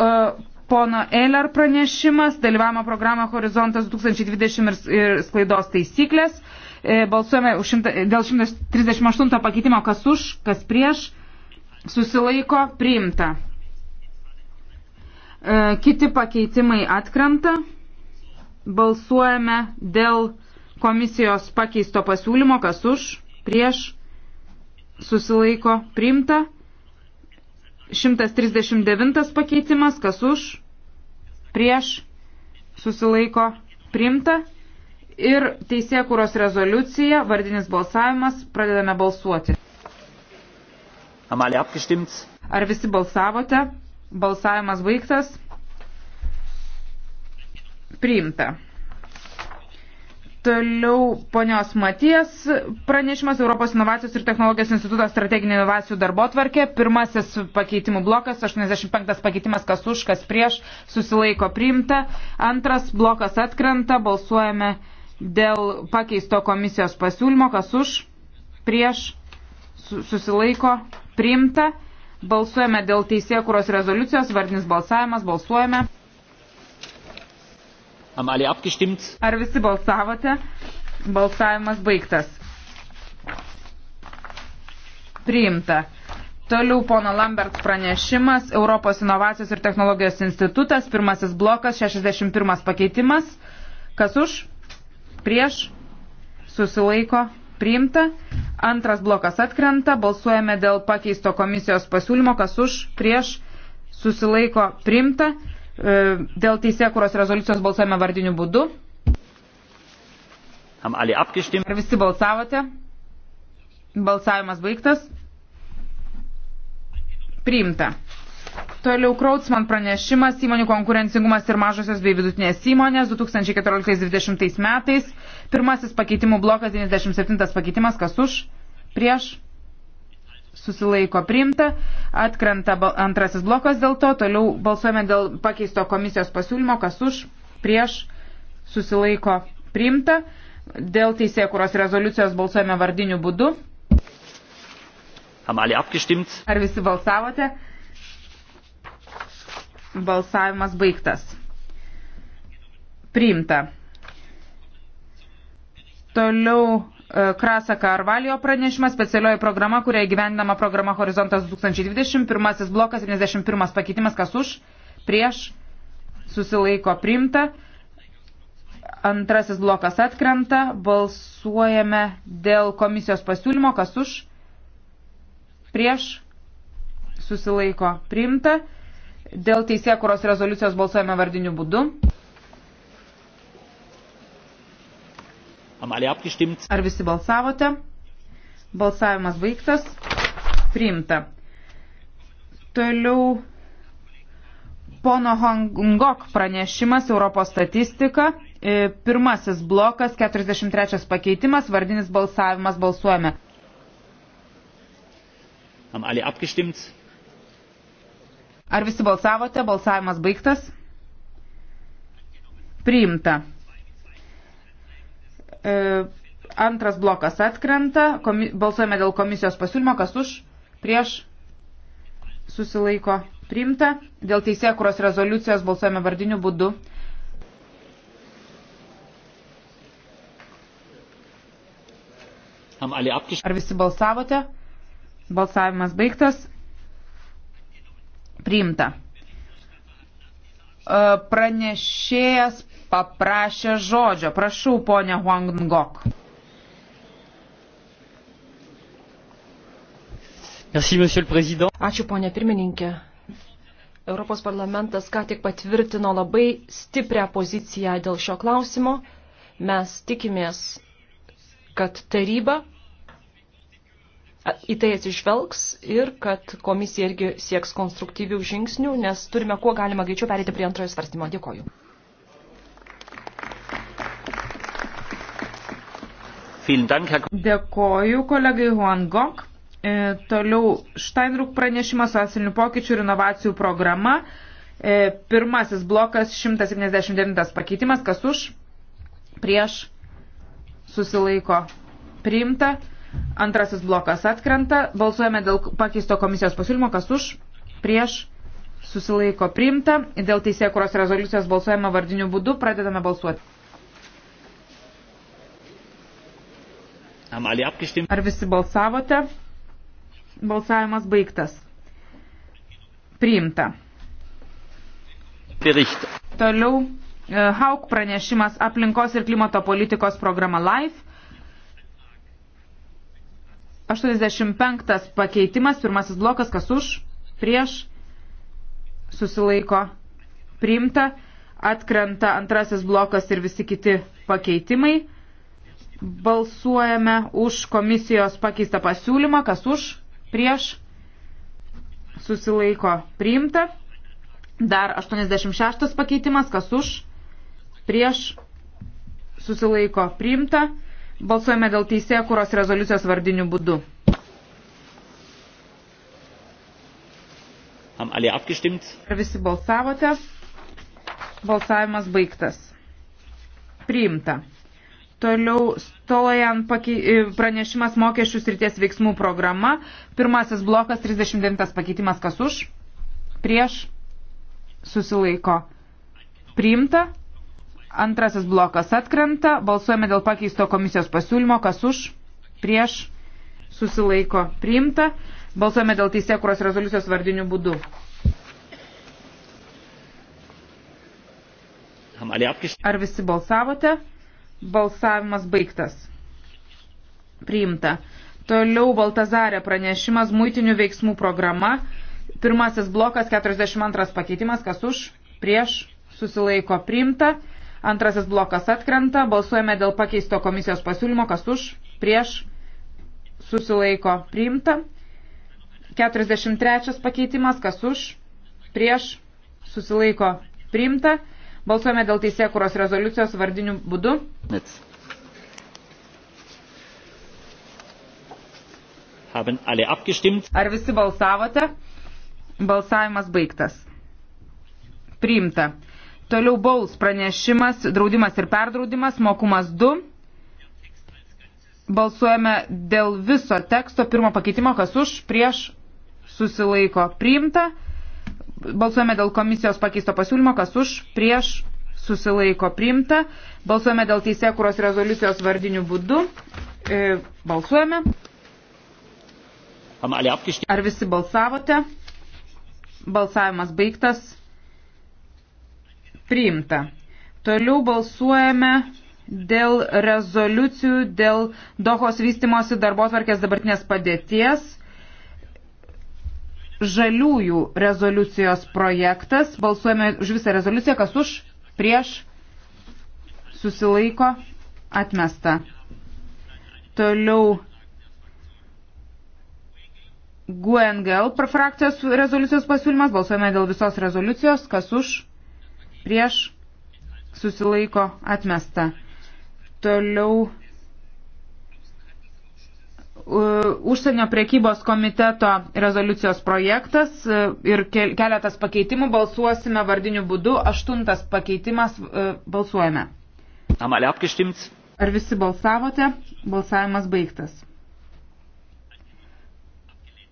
E, pono Eiler pranešimas, dalyvavimo programą Horizontas 2020 ir sklaidos taisyklės. E, balsuojame dėl 138 pakeitimo, kas už, kas prieš, susilaiko, priimta. E, kiti pakeitimai atkrenta. Balsuojame dėl komisijos pakeisto pasiūlymo, kas už, prieš, susilaiko, priimta. 139 pakeitimas, kas už, prieš, susilaiko, primta. Ir teisėkūros rezoliucija, vardinis balsavimas, pradedame balsuoti. Ar visi balsavote? Balsavimas baigtas. Priimta. Toliau ponios Maties pranešimas Europos inovacijos ir technologijos instituto strateginė inovacijų darbo tvarkė. Pirmasis pakeitimų blokas, 85 pakeitimas, kas už, kas prieš, susilaiko priimta. Antras blokas atkrenta, balsuojame dėl pakeisto komisijos pasiūlymo, kas už, prieš, susilaiko priimta. Balsuojame dėl teisėkuros rezoliucijos, vardinis balsavimas, balsuojame. Ar visi balsavote? Balsavimas baigtas. Priimta. Toliau pono Lambert pranešimas, Europos inovacijos ir technologijos institutas, pirmasis blokas, 61 pakeitimas. Kas už? Prieš? Susilaiko? Priimta. Antras blokas atkrenta, balsuojame dėl pakeisto komisijos pasiūlymo, kas už? Prieš? Susilaiko? Priimta. E, dėl teisėkuros rezoliucijos balsuojame vardiniu būdu. Ar visi balsavote? Balsavimas baigtas. Priimta. Toliau Krautsman pranešimas įmonių konkurencingumas ir mažosios bei vidutinės įmonės 2014-2020 metais. Pirmasis pakeitimų blokas 97 pakeitimas. Kas už? Prieš? susilaiko priimta, atkrenta antrasis blokas dėl to, toliau balsuojame dėl pakeisto komisijos pasiūlymo, kas už, prieš, susilaiko priimta, dėl teisėkuros rezoliucijos balsuojame vardiniu būdu. Ar visi balsavote? Balsavimas baigtas. Priimta. Toliau E, Krasa Karvalio pranešimas, specialioji programa, kuria gyvendama programa Horizontas 2020, pirmasis blokas, 71 pakeitimas, kas už, prieš, susilaiko primta, antrasis blokas atkrenta, balsuojame dėl komisijos pasiūlymo, kas už, prieš, susilaiko primta, dėl teisėkuros rezoliucijos balsuojame vardiniu būdu. Ar visi balsavote? Balsavimas baigtas. Priimta. Toliau pono Hongkong pranešimas Europos statistika. E, pirmasis blokas, 43 pakeitimas, vardinis balsavimas, balsuojame. Ar visi balsavote? Balsavimas baigtas. Priimta. E, antras blokas atkrenta. Komi, balsuojame dėl komisijos pasiūlymo. Kas už? Prieš? Susilaiko. Priimta. Dėl teisėkuros rezoliucijos balsuojame vardiniu būdu. Ar visi balsavote? Balsavimas baigtas. Priimta. E, pranešėjas paprašė žodžio. Prašau, ponė Huang Ngok. Merci, Ačiū, ponė pirmininkė. Europos parlamentas ką tik patvirtino labai stiprią poziciją dėl šio klausimo. Mes tikimės, kad taryba į tai atsižvelgs ir kad komisija irgi sieks konstruktyvių žingsnių, nes turime kuo galima greičiau perėti prie antrojo svarstymo. Dėkoju. Dėkoju kolegai Juan Gok. E, toliau Steinruk pranešimas socialinių pokyčių ir inovacijų programa. E, pirmasis blokas 179 pakeitimas. Kas už? Prieš susilaiko priimta. Antrasis blokas atkrenta. Balsuojame dėl pakeisto komisijos pasiūlymo. Kas už? Prieš susilaiko priimta. Dėl teisėkuros rezoliucijos balsuojame vardiniu būdu. Pradedame balsuoti. Ar visi balsavote? Balsavimas baigtas. Priimta. Bericht. Toliau e, Hauk pranešimas aplinkos ir klimato politikos programa LIFE. 85 pakeitimas, pirmasis blokas, kas už, prieš, susilaiko, priimta, atkrenta antrasis blokas ir visi kiti pakeitimai. Balsuojame už komisijos pakeistą pasiūlymą, kas už, prieš, susilaiko priimta. Dar 86 pakeitimas, kas už, prieš, susilaiko priimta. Balsuojame dėl teisėjų kūros rezoliucijos vardiniu būdu. Ar visi balsavote? Balsavimas baigtas. Priimta. Toliau stojant e, pranešimas mokesčių srities veiksmų programa. Pirmasis blokas 39 pakeitimas kas už. Prieš susilaiko priimta. Antrasis blokas atkrenta. Balsuojame dėl pakeisto komisijos pasiūlymo kas už. Prieš susilaiko priimta. Balsuojame dėl teisėkuros rezoliucijos vardinių būdų. Ar visi balsavote? Balsavimas baigtas. Priimta. Toliau Baltazarė pranešimas muitinių veiksmų programa. Pirmasis blokas 42 pakeitimas, kas už, prieš, susilaiko priimta. Antrasis blokas atkrenta. Balsuojame dėl pakeisto komisijos pasiūlymo, kas už, prieš, susilaiko priimta. 43 pakeitimas, kas už, prieš, susilaiko priimta. Balsuojame dėl teisėkuros rezoliucijos vardinių būdų. Ar visi balsavote? Balsavimas baigtas. Priimta. Toliau baus pranešimas, draudimas ir perdraudimas, mokumas 2. Balsuojame dėl viso teksto pirmo pakeitimo, kas už, prieš, susilaiko, priimta. Balsuojame dėl komisijos pakeisto pasiūlymo, kas už, prieš, susilaiko priimta. Balsuojame dėl teisėkuros rezoliucijos vardiniu būdu. E, balsuojame. Ar visi balsavote? Balsavimas baigtas. Priimta. Toliau balsuojame dėl rezoliucijų, dėl Dohos vystimosi darbo tvarkės dabartinės padėties žaliųjų rezoliucijos projektas. Balsuojame už visą rezoliuciją, kas už, prieš, susilaiko, atmesta. Toliau GUNGL frakcijos rezoliucijos pasiūlymas. Balsuojame dėl visos rezoliucijos, kas už, prieš, susilaiko, atmesta. Toliau užsienio priekybos komiteto rezoliucijos projektas e, ir keletas pakeitimų balsuosime vardiniu būdu. Aštuntas pakeitimas e, balsuojame. Ar visi balsavote? Balsavimas baigtas.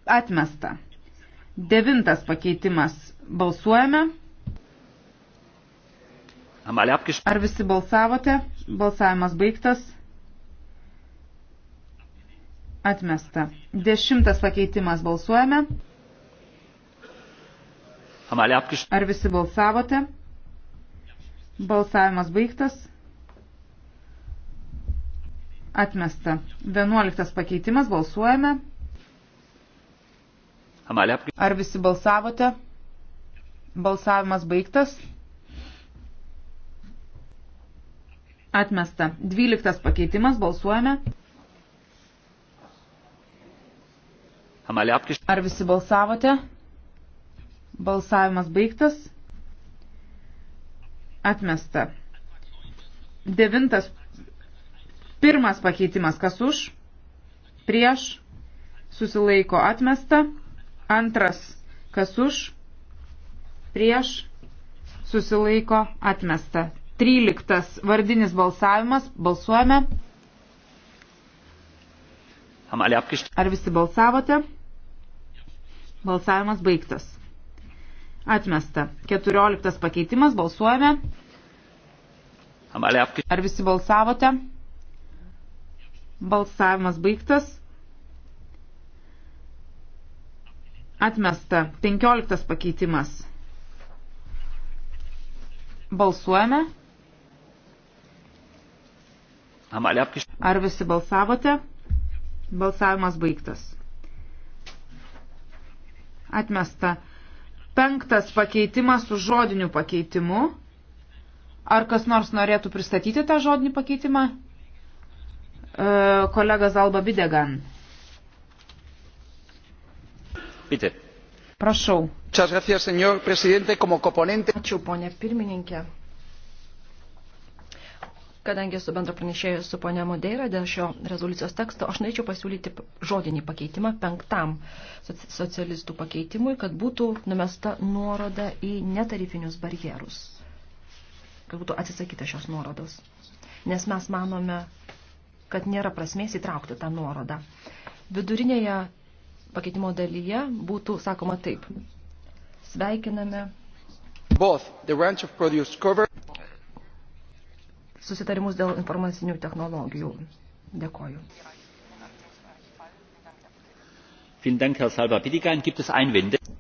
Atmesta. Devintas pakeitimas balsuojame. Ar visi balsavote? Balsavimas baigtas. Atmesta. Dešimtas pakeitimas balsuojame. Ar visi balsavote? Balsavimas baigtas. Atmesta. Vienuoliktas pakeitimas balsuojame. Ar visi balsavote? Balsavimas baigtas. Atmesta. Dvyliktas pakeitimas balsuojame. Ar visi balsavote? Balsavimas baigtas. Atmesta. Devintas. Pirmas pakeitimas. Kas už? Prieš. Susilaiko atmesta. Antras. Kas už? Prieš. Susilaiko atmesta. Tryliktas. Vardinis balsavimas. Balsuojame. Ar visi balsavote? Balsavimas baigtas. Atmesta. 14 pakeitimas. Balsuojame. Ar visi balsavote? Balsavimas baigtas. Atmesta. 15 pakeitimas. Balsuojame. Ar visi balsavote? Balsavimas baigtas. Atmesta. Penktas pakeitimas su žodiniu pakeitimu. Ar kas nors norėtų pristatyti tą žodinį pakeitimą? E, kolega Zalba Bidegan. Pite. Prašau. Ačiū, ponė pirmininkė. Kadangi su bendro pranešėju su ponia Modeira dėl šio rezoliucijos teksto, aš norėčiau pasiūlyti žodinį pakeitimą penktam socialistų pakeitimui, kad būtų numesta nuoroda į netarifinius barjerus. Kad būtų atsisakyta šios nuorodos. Nes mes manome, kad nėra prasmės įtraukti tą nuorodą. Vidurinėje pakeitimo dalyje būtų sakoma taip. Sveikiname. Both the range of produce cover susitarimus dėl informacinių technologijų. Dėkoju.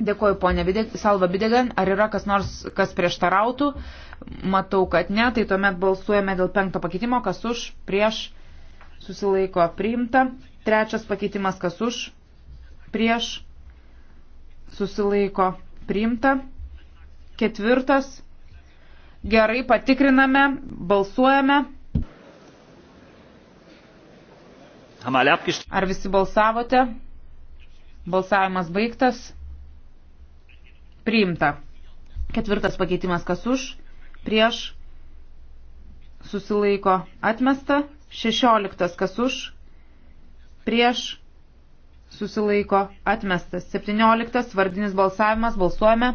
Dėkuoju, ponė Salva Bidegan. Ar yra kas nors, kas prieštarautų? Matau, kad ne. Tai tuomet balsuojame dėl penkto pakeitimo. Kas už, prieš, susilaiko priimta. Trečias pakeitimas, kas už, prieš, susilaiko priimta. Ketvirtas, Gerai, patikriname, balsuojame. Ar visi balsavote? Balsavimas baigtas. Priimta. Ketvirtas pakeitimas kas už, prieš, susilaiko atmesta. Šešioliktas kas už, prieš, susilaiko atmestas. Septynioliktas vardinis balsavimas, balsuojame.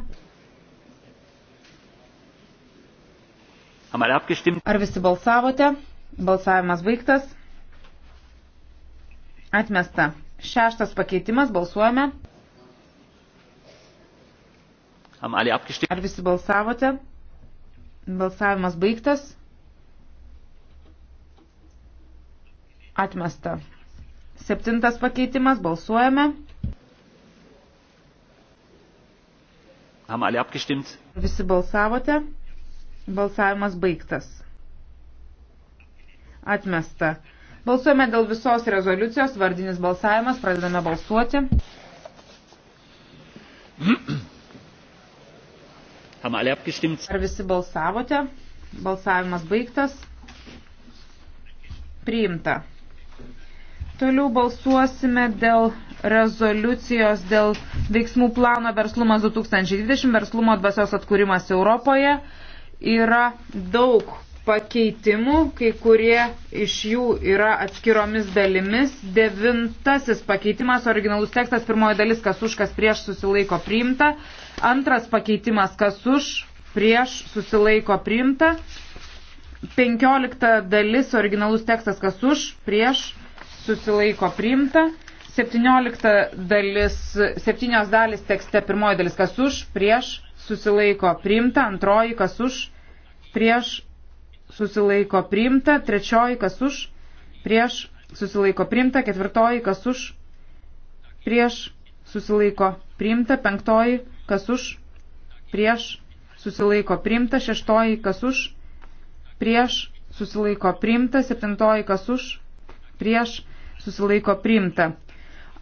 Ar visi balsavote? Balsavimas baigtas. Atmesta. Šeštas pakeitimas. Balsuojame. Ar visi balsavote? Balsavimas baigtas. Atmesta. Septintas pakeitimas. Balsuojame. Visi balsavote? Balsavimas baigtas. Atmesta. Balsuojame dėl visos rezoliucijos, vardinis balsavimas, pradedame balsuoti. Ar visi balsavote? Balsavimas baigtas. Priimta. Toliau balsuosime dėl rezoliucijos, dėl veiksmų plano verslumas 2020, verslumo dvasios atkūrimas Europoje yra daug pakeitimų, kai kurie iš jų yra atskiromis dalimis. Devintasis pakeitimas, originalus tekstas, pirmoji dalis, kas už, kas prieš susilaiko priimta. Antras pakeitimas, kas už, prieš susilaiko priimta. Penkiolikta dalis, originalus tekstas, kas už, prieš susilaiko priimta. Septyniolikta dalis, septynios dalis tekste, pirmoji dalis, kas už, prieš susilaiko priimta. Antroji, kas už, prieš susilaiko priimta, trečioji kas už, prieš susilaiko priimta, ketvirtoji kas už, prieš susilaiko priimta, penktoji kas už, prieš susilaiko priimta, šeštoji kas už, prieš susilaiko priimta, septintoji kas už, prieš susilaiko priimta.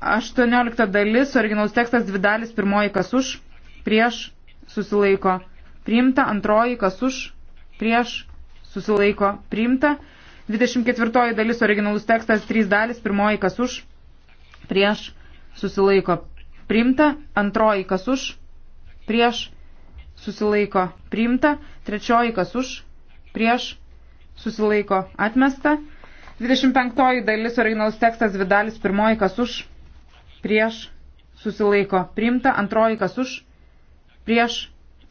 18 dalis, originalus tekstas dvi dalis, pirmoji kas už, prieš susilaiko priimta, antroji kas už, prieš, susilaiko priimta. 24 dalis originalus tekstas, 3 dalis, pirmoji kas už, prieš, susilaiko priimta, antroji kas už, prieš, susilaiko priimta, trečioji kas už, prieš, susilaiko atmesta. 25 dalis originalus tekstas, 2 dalis, pirmoji kas už, prieš, susilaiko priimta, antroji kas už, prieš,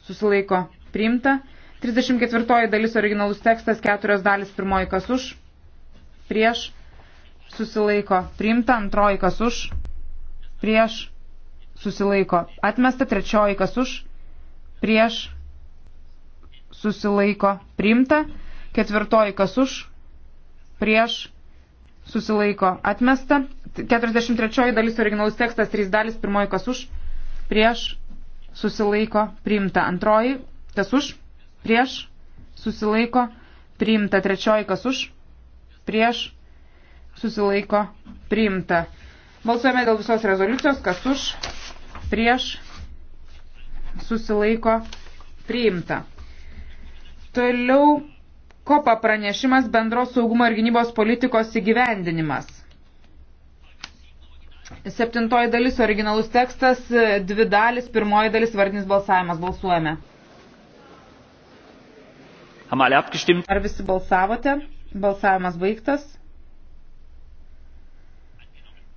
susilaiko priimta. 34 dalis originalus tekstas, keturios dalis pirmoji kas už, prieš, susilaiko, priimta, antroji kas už, prieš, susilaiko, atmesta, trečioji kas už, prieš, susilaiko, priimta, ketvirtoji kas už, prieš, susilaiko, atmesta, 43 dalis originalus tekstas, trys dalis, pirmoji kas už, prieš, susilaiko, priimta, antroji kas už, prieš, susilaiko, priimta. Trečioji kas už, prieš, susilaiko, priimta. Balsuojame dėl visos rezoliucijos, kas už, prieš, susilaiko, priimta. Toliau kopa pranešimas bendros saugumo ir gynybos politikos įgyvendinimas. Septintoji dalis originalus tekstas, dvi dalis, pirmoji dalis vardinis balsavimas. Balsuojame. Ar visi balsavote? Balsavimas baigtas.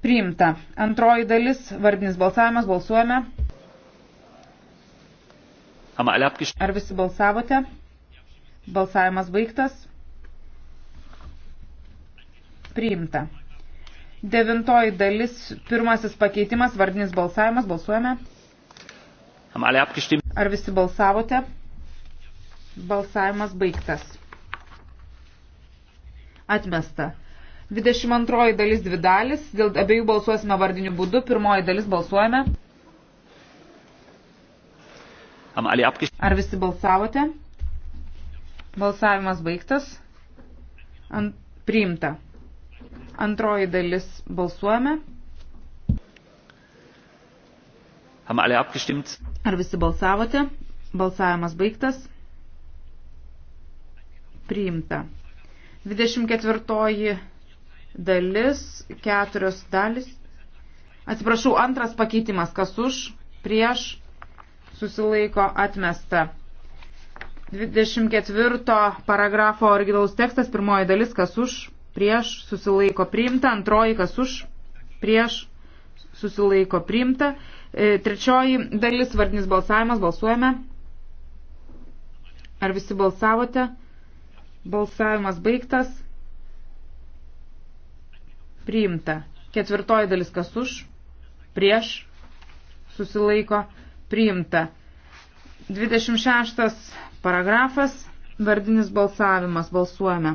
Priimta. Antroji dalis, vardinis balsavimas, balsuojame. Ar visi balsavote? Balsavimas baigtas. Priimta. Devintoji dalis, pirmasis pakeitimas, vardinis balsavimas, balsuojame. Ar visi balsavote? Balsavimas baigtas. Atmesta. 22 dalis dvi dalis. Dėl abiejų balsuosime vardiniu būdu. Pirmoji dalis balsuojame. Ar visi balsavote? Balsavimas baigtas. Ant, priimta. Antroji dalis balsuojame. Ar visi balsavote? Balsavimas baigtas priimta. 24 dalis, keturios dalis. Atsiprašau, antras pakeitimas, kas už, prieš, susilaiko atmesta. 24 paragrafo originalus tekstas, pirmoji dalis, kas už, prieš, susilaiko priimta, antroji, kas už, prieš, susilaiko priimta. E, trečioji dalis, vardinis balsavimas, balsuojame. Ar visi balsavote? Balsavimas baigtas. Priimta. Ketvirtoji dalis kas už, prieš, susilaiko, priimta. 26 paragrafas, vardinis balsavimas, balsuojame.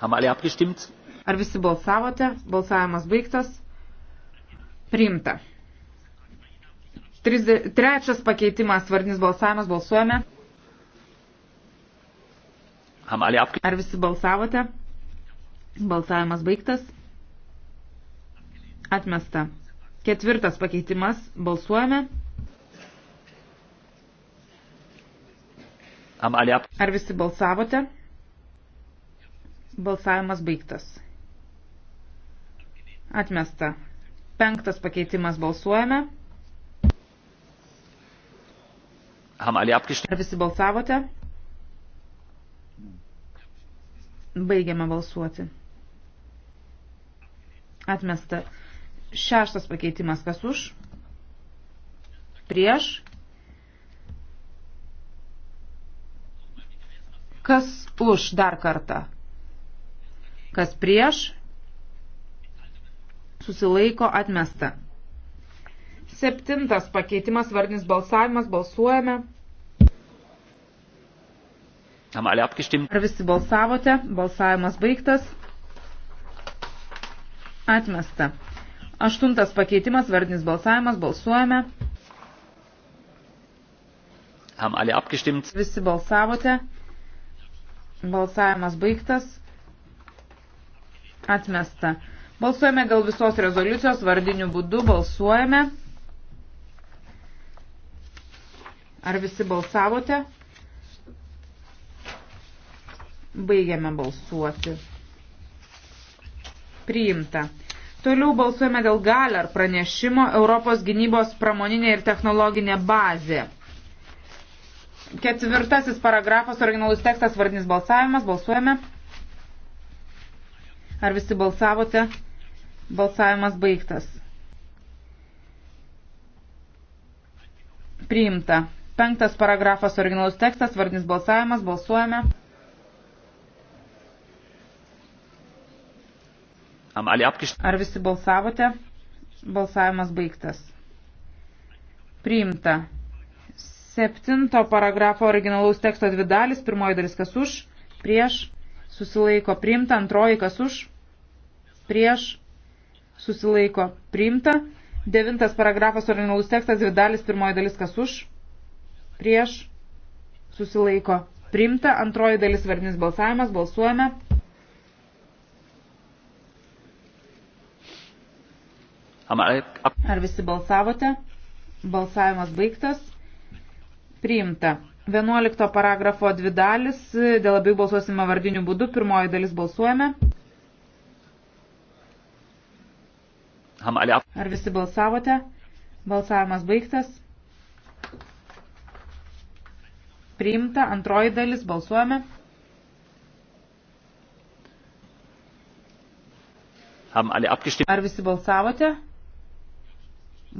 Ar visi balsavote? Balsavimas baigtas. Priimta. Trečias pakeitimas, vardinis balsavimas, balsuojame. Ar visi balsavote? Balsavimas baigtas. Atmesta. Ketvirtas pakeitimas. Balsuojame. Ar visi balsavote? Balsavimas baigtas. Atmesta. Penktas pakeitimas. Balsuojame. Ar visi balsavote? Baigiame balsuoti. Atmesta. Šeštas pakeitimas kas už? Prieš. Kas už dar kartą? Kas prieš? Susilaiko atmesta. Septintas pakeitimas, vardinis balsavimas, balsuojame. Ar visi balsavote? Balsavimas baigtas. Atmesta. Aštuntas pakeitimas, vardinis balsavimas, balsuojame. Visi balsavote. Balsavimas baigtas. Atmesta. Balsuojame dėl visos rezoliucijos vardiniu būdu. Balsuojame. Ar visi balsavote? Baigiame balsuoti. Priimta. Toliau balsuojame dėl galer pranešimo Europos gynybos pramoninė ir technologinė bazė. Ketvirtasis paragrafas, originalus tekstas, vardinis balsavimas. Balsuojame. Ar visi balsavote? Balsavimas baigtas. Priimta. Penktas paragrafas originalus tekstas, vardinis balsavimas, balsuojame. Ar visi balsavote? Balsavimas baigtas. Priimta. Septinto paragrafo originalaus teksto dvi dalis. Pirmoji dalis kas už, prieš, susilaiko priimta. Antroji kas už, prieš, susilaiko priimta. Devintas paragrafas originalus tekstas dvi dalis. Pirmoji dalis kas už, prieš, susilaiko priimta. Antroji dalis vardinis balsavimas, balsuojame. Ar visi balsavote? Balsavimas baigtas. Priimta. 11 paragrafo dvi dalis, dėl abiejų balsuosime vardiniu būdu, pirmoji dalis balsuojame. Ar visi balsavote? Balsavimas baigtas. priimta, antroji dalis balsuojame. Ar visi balsavote?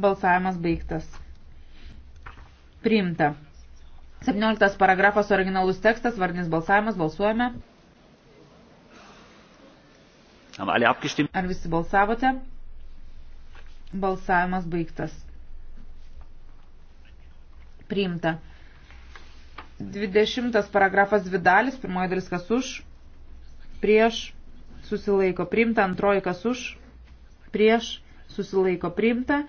Balsavimas baigtas. Priimta. 17 paragrafas originalus tekstas, vardinis balsavimas, balsuojame. Ar visi balsavote? Balsavimas baigtas. Priimta. 20 paragrafas Vidalis, pirmoji dalis kas už, prieš, susilaiko priimta, antroji kas už, prieš, susilaiko priimta.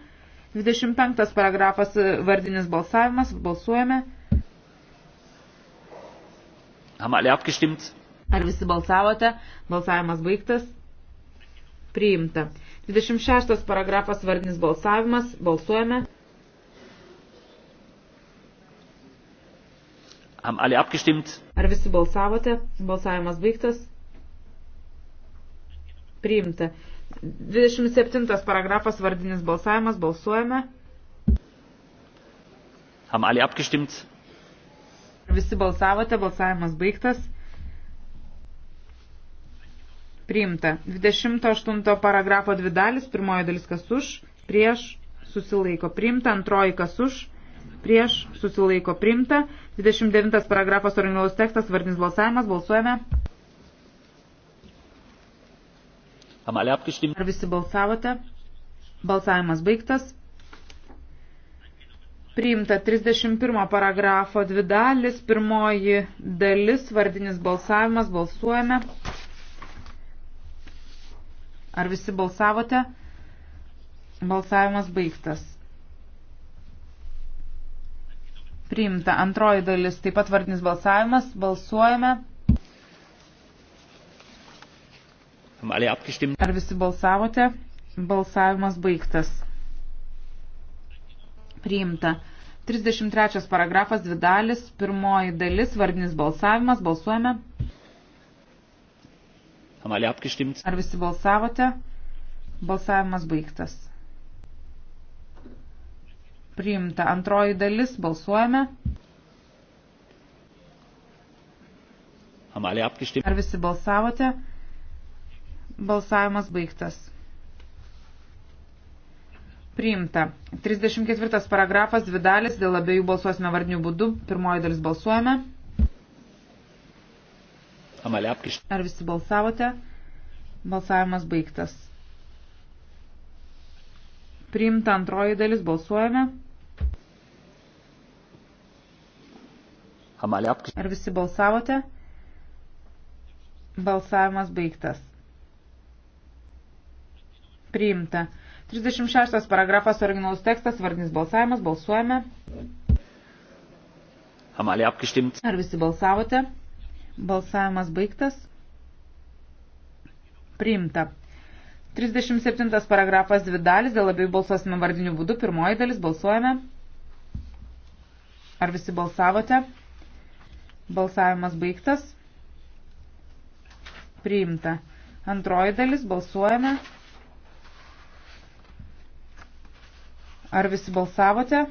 25 paragrafas vardinis balsavimas, balsuojame. Ar visi balsavote? Balsavimas baigtas. Priimta. 26 paragrafas vardinis balsavimas, balsuojame. Ar visi balsavote? Balsavimas baigtas. Priimta. 27 paragrafas vardinis balsavimas. Balsuojame. Haben alle abgestimmt? Visi balsavote, balsavimas baigtas. Priimta. 28 paragrafo dvi dalis, pirmoji dalis kas už, prieš, susilaiko priimta, antroji kas už, prieš, susilaiko priimta, 29 paragrafas originalus tekstas, vardinis balsavimas, balsuojame. Ar visi balsavote? Balsavimas baigtas. Priimta 31 paragrafo dvi dalis, pirmoji dalis, vardinis balsavimas, balsuojame. Ar visi balsavote? Balsavimas baigtas. priimta. Antroji dalis taip pat vardinis balsavimas. Balsuojame. Ar visi balsavote? Balsavimas baigtas. Priimta. 33 paragrafas, dvi dalis, pirmoji dalis, vardinis balsavimas, balsuojame. Ar visi balsavote? Balsavimas baigtas. Priimta antroji dalis, balsuojame. Ar visi balsavote? Balsavimas baigtas. Priimta. 34 paragrafas, dvi dalis, dėl abiejų balsuosime vardinių būdų. Pirmoji dalis balsuojame. Ar visi balsavote? Balsavimas baigtas. Priimta antroji dalis, balsuojame. Ar visi balsavote? Balsavimas baigtas. Priimta. 36 paragrafas originalus tekstas, vardinis balsavimas, balsuojame. Ar visi balsavote? Balsavimas baigtas. Priimta. 37 paragrafas dvi dalis, dėl abiejų balsuosime vardinių būdų. Pirmoji dalis balsuojame. Ar visi balsavote? Balsavimas baigtas. Priimta. Antroji dalis balsuojame. Ar visi balsavote?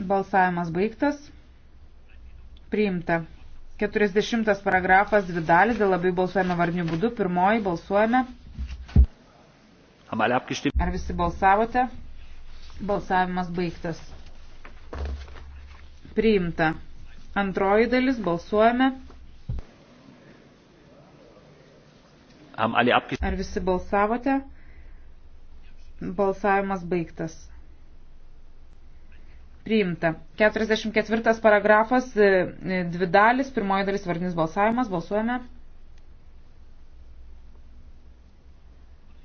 Balsavimas baigtas. Priimta. 40 paragrafas, dvi dalis, dėl labai balsuojame varnių būdu. Pirmoji balsuojame. Ar visi balsavote? Balsavimas baigtas. Priimta. Antroji dalis, balsuojame. Ar visi balsavote? Balsavimas baigtas priimta. 44 paragrafas, e, e, dvi dalis, pirmoji dalis vardinis balsavimas, balsuojame.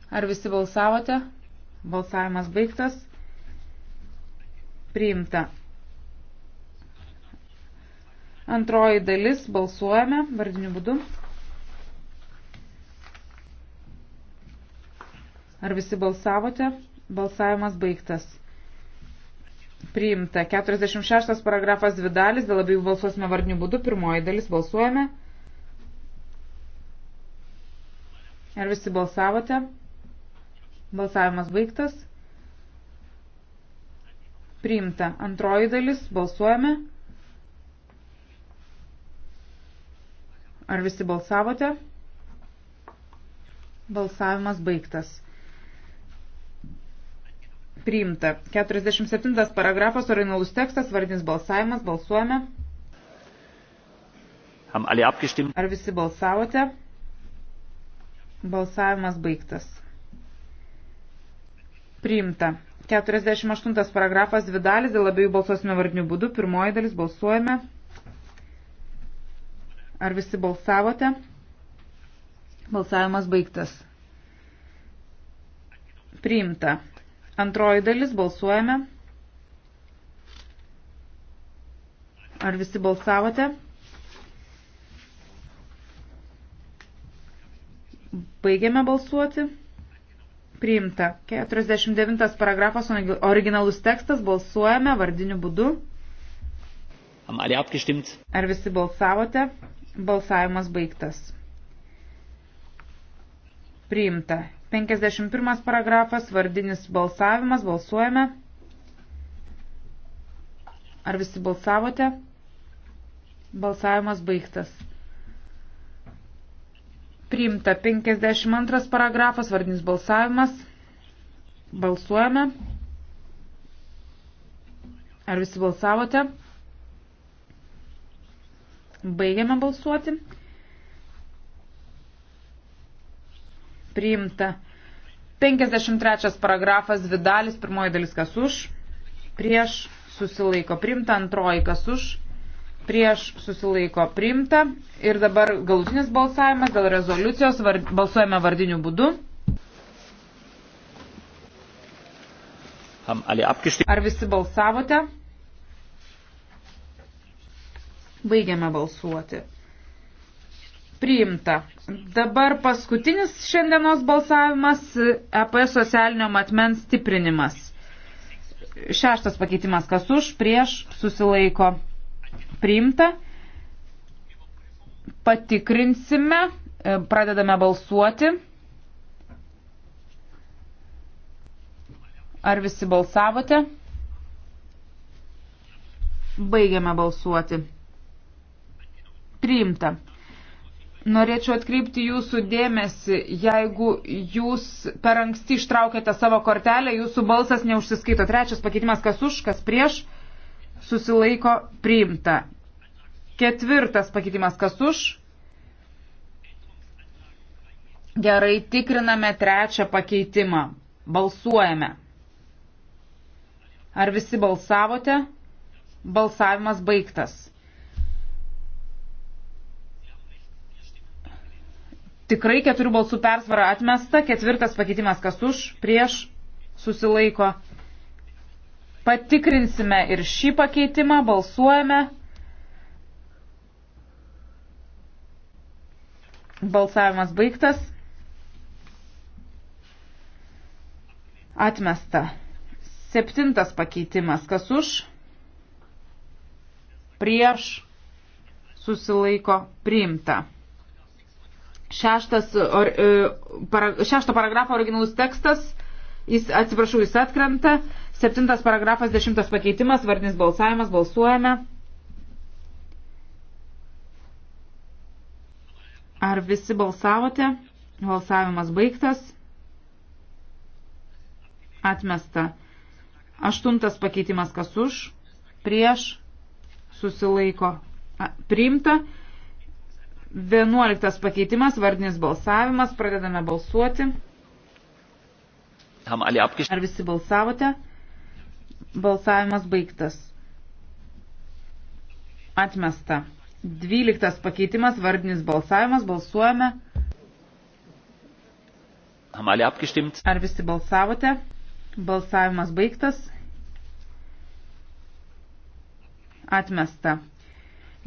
Ar visi balsavote? Balsavimas baigtas. Priimta. Antroji dalis balsuojame vardiniu būdu. Ar visi balsavote? Balsavimas baigtas priimta. 46 paragrafas dvi dalis, dėl abiejų balsuosime vardinių būdų. Pirmoji dalis balsuojame. Ar visi balsavote? Balsavimas baigtas. Priimta. Antroji dalis. Balsuojame. Ar visi balsavote? Balsavimas baigtas priimta. 47 paragrafas, originalus tekstas, vardinis balsavimas, balsuojame. Ar visi balsavote? Balsavimas baigtas. Priimta. 48 paragrafas, dvi dalis, dėl abiejų balsuosime vardinių būdų. Pirmoji dalis balsuojame. Ar visi balsavote? Balsavimas baigtas. Priimta. Antroji dalis balsuojame. Ar visi balsavote? Baigiame balsuoti. Priimta. 49 paragrafas originalus tekstas. Balsuojame vardiniu būdu. Ar visi balsavote? Balsavimas baigtas. Priimta. 51 paragrafas, vardinis balsavimas, balsuojame. Ar visi balsavote? Balsavimas baigtas. Priimta 52 paragrafas, vardinis balsavimas. Balsuojame. Ar visi balsavote? Baigiame balsuoti. priimta. 53 paragrafas Vidalis, pirmoji dalis kas už, prieš susilaiko priimta, antroji kas už, prieš susilaiko priimta. Ir dabar galutinis balsavimas dėl rezoliucijos var, balsuojame vardiniu būdu. Ar visi balsavote? Baigiame balsuoti priimta. Dabar paskutinis šiandienos balsavimas e - EP socialinio matmens stiprinimas. Šeštas pakeitimas, kas už, prieš, susilaiko priimta. Patikrinsime, e, pradedame balsuoti. Ar visi balsavote? Baigiame balsuoti. Priimta. Norėčiau atkreipti jūsų dėmesį, jeigu jūs per anksti ištraukėte savo kortelę, jūsų balsas neužsiskaito. Trečias pakeitimas, kas už, kas prieš, susilaiko priimta. Ketvirtas pakeitimas, kas už. Gerai, tikriname trečią pakeitimą. Balsuojame. Ar visi balsavote? Balsavimas baigtas. tikrai keturių balsų persvara atmesta, ketvirtas pakeitimas kas už, prieš, susilaiko. Patikrinsime ir šį pakeitimą, balsuojame. Balsavimas baigtas. Atmesta. Septintas pakeitimas. Kas už? Prieš susilaiko priimta. Šeštas, or, e, para, šešto paragrafo originalus tekstas, jis, atsiprašau, jis atkrenta. Septintas paragrafas, dešimtas pakeitimas, vardinis balsavimas, balsuojame. Ar visi balsavote? Balsavimas baigtas. Atmesta. Aštuntas pakeitimas kas už, prieš, susilaiko, priimta. Vienuoliktas pakeitimas, vardinis balsavimas, pradedame balsuoti. Ar visi balsavote? Balsavimas baigtas. Atmesta. Dvyliktas pakeitimas, vardinis balsavimas, balsuojame. Ar visi balsavote? Balsavimas baigtas. Atmesta.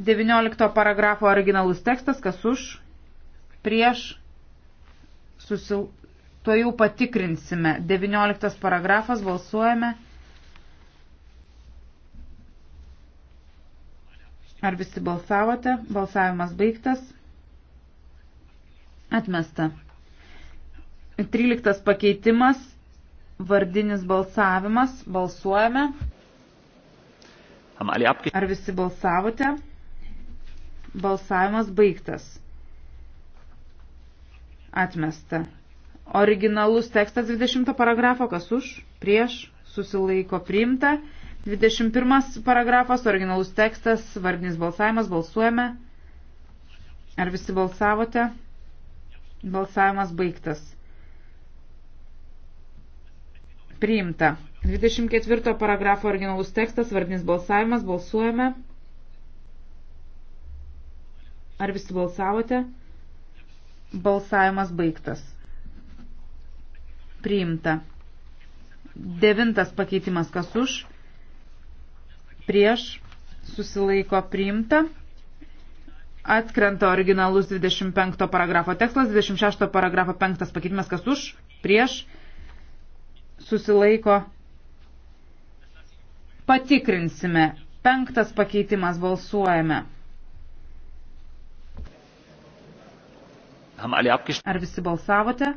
19 paragrafo originalus tekstas, kas už, prieš, susil... to jau patikrinsime. 19 paragrafas, balsuojame. Ar visi balsavote? Balsavimas baigtas. Atmesta. 13 pakeitimas, vardinis balsavimas, balsuojame. Ar visi balsavote? Balsavimas baigtas. Atmesta. Originalus tekstas 20 paragrafo, kas už, prieš, susilaiko priimta. 21 paragrafas, originalus tekstas, vardinis balsavimas, balsuojame. Ar visi balsavote? Balsavimas baigtas. Priimta. 24 paragrafo originalus tekstas, vardinis balsavimas, balsuojame. Ar visi balsavote? Balsavimas baigtas. Priimta. Devintas pakeitimas kas už. Prieš susilaiko priimta. Atkrenta originalus 25 paragrafo tekstas, 26 paragrafo 5 pakeitimas kas už. Prieš susilaiko. Patikrinsime. Penktas pakeitimas balsuojame. Ar visi balsavote?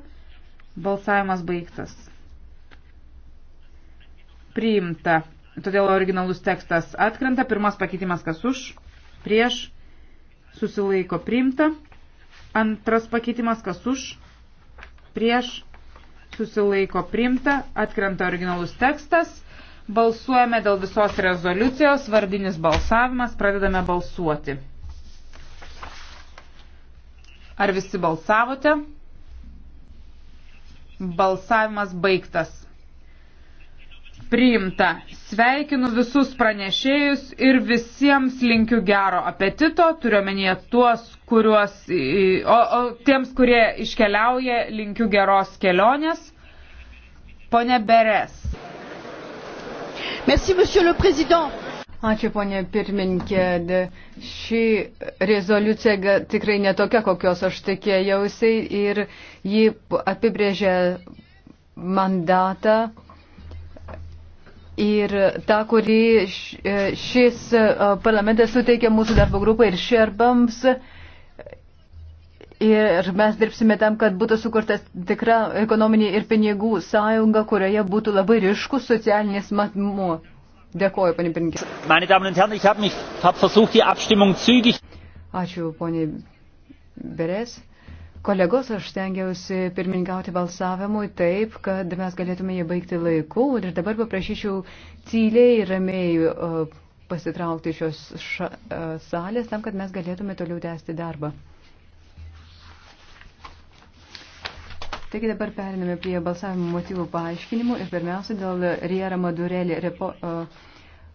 Balsavimas baigtas. Priimta. Todėl originalus tekstas atkrenta. Pirmas pakeitimas kas už, prieš, susilaiko priimta. Antras pakeitimas kas už, prieš, susilaiko priimta. Atkrenta originalus tekstas. Balsuojame dėl visos rezoliucijos. Vardinis balsavimas. Pradedame balsuoti. Ar visi balsavote? Balsavimas baigtas. Priimta. Sveikinu visus pranešėjus ir visiems linkiu gero apetito, turiuomenyje tuos, kuriuos, o, o tiems, kurie iškeliauja, linkiu geros kelionės. Pone Beres. Merci, monsieur le président. Ačiū, ponė pirmininkė. Ši rezoliucija tikrai netokia, kokios aš tikėjausi ir ji apibrėžia mandatą ir tą, kurį e, šis e, parlamentas suteikė mūsų darbo grupai ir šerbams. Ir mes dirbsime tam, kad būtų sukurtas tikra ekonominė ir pinigų sąjunga, kurioje būtų labai ryškus socialinis matmuo. Dėkuoju, panė Pirinkė. Ačiū, ponė Beres. Kolegos, aš stengiausi pirmininkauti balsavimui taip, kad mes galėtume jį baigti laiku ir dabar paprašyčiau tyliai ir ramiai pasitraukti šios ša, salės tam, kad mes galėtume toliau tęsti darbą. Taigi dabar periname prie balsavimo motyvų paaiškinimų ir pirmiausia dėl Riera Madurelį repo, uh,